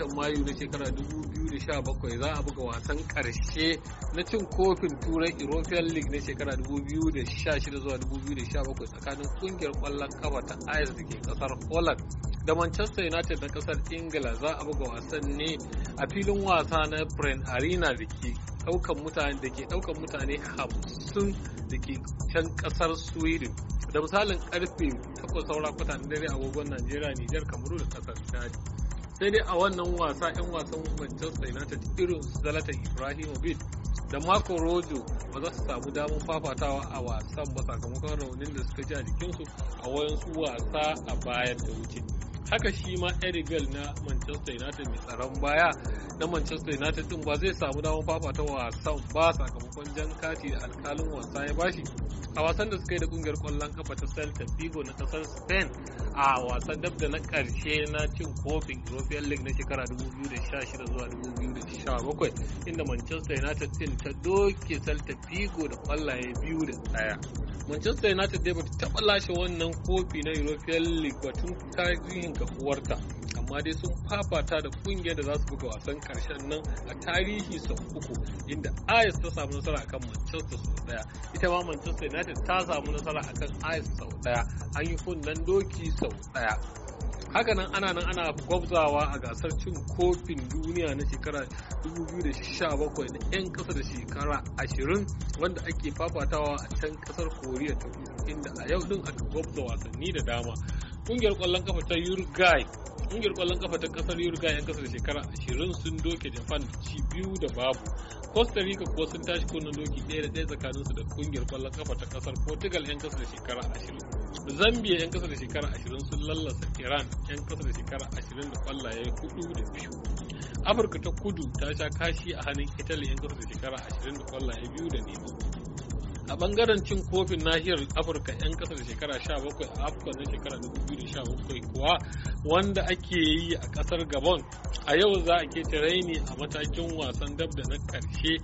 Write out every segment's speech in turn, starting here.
watan mayu na shekara 2017 za a buga wasan karshe na cin kofin turai european league na shekara 2016 zuwa 2017 tsakanin kungiyar kwallon kafa ta ayas da ke kasar holland da manchester united na kasar ingila za a buga wasan ne a filin wasa na brent arena da ke daukan mutane da ke daukan mutane 50 da ke can kasar sweden da misalin karfe 8 saura kwata dare agogon najeriya nijar kamaru da kasar chad sai dai a wannan wasa 'yan wasan manchester united irin su zalatan ibrahimovic da marco rojo ba za su samu damar fafatawa a wasan ba sakamakon raunin da suka ji a jikinsu a su wasa a bayan da wuce haka shi ma erigel na manchester united mai tsaron baya na manchester united din ba zai samu damar fafata wasan ba sakamakon jan kati da alkalin wasa ya bashi a wasan da suka yi da kungiyar kwallon kafa ta celta vigo na kasar spain a wasan dab da na karshe na cin kofin european league na shekara 2016 zuwa 2017 inda manchester united din ta doke celta vigo da kwallaye biyu da daya manchester united dai bata taba lashe wannan kofi na european league batun tarihin kafuwarta amma dai sun fafata da kungiyar da za su buga wasan karshen nan a tarihi sau uku inda ayas ta samu nasara akan manchester sau daya ita ma manchester united ta samu nasara akan ayas sau daya an yi kunnen doki sau daya nan ana nan ana gwabzawa a gasar cin kofin duniya na shekara 2017 na 'yan kasa da shekara 20 wanda ake fafatawa a can kasar koriya ta kudu inda a yau din aka gwabza wasanni da dama kungiyar ƙwallon kafa ta uruguay Kungiyar kwallon kafa ta kasar Uruguay yan kasar shekara 20 sun doke Japan ci biyu da babu. Costa Rica kuwa sun tashi kunnen doki ɗaya da ɗaya tsakanin su da kungiyar kwallon kafa ta kasar Portugal yan kasar shekara 20. Zambia yan kasar shekara 20 sun lallasa Iran yan kasar shekara 20 da kwallaye hudu da biyu. Afirka ta kudu ta sha kashi a hannun Italy yan kasar shekara 20 da kwallaye biyu da nemo a bangaren cin kofin nahiyar afirka 'yan kasa da shekara 17 a afirka na shekara 2017 kuwa wanda ake yi a kasar gabon a yau za a ke raini a matakin wasan dab da na karshe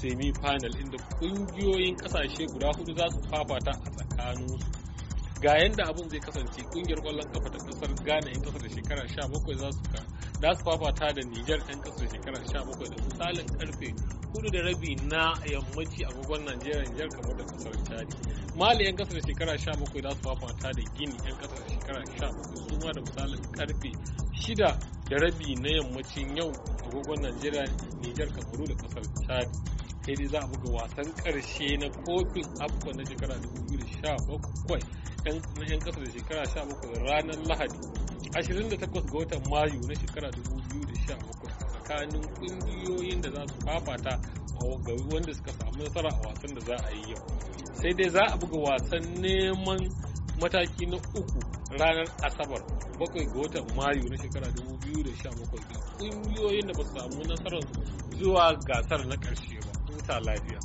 semi-final inda kungiyoyin kasashe guda hudu za su fafata a su ga yadda abin zai kasance kungiyar kwallon kafa ta kasar ghana 'yan kasa da shekara 17 za su da su fafata da Nijar ɗan ƙasar shekarar 17 da misalin karfe hudu da rabi na yammaci agogon Najeriya Nijar kamar da kasar Chadi. Mali 'yan kasar shekara 17 da su fafata da Gini 'yan kasar shekara 17 su ma da misalin karfe shida da rabi na yammacin yau agogon Najeriya Nijar kamar da kasar Chadi. Sai dai za a buga wasan karshe na kofin Afcon na shekara 2017 'yan kasar shekara 17 ranar Lahadi 28 ga watan mayu na shekara 2017 tsakanin kungiyoyin da za su fafata ga wanda suka samu nasara a wasan da za a yi yau sai dai za a buga wasan neman mataki na uku ranar asabar bakwai ga watan mayu na shekara 2017 ga kungiyoyin da ba su samu nasarar zuwa gasar na ƙarshe ba. Huta lafiya.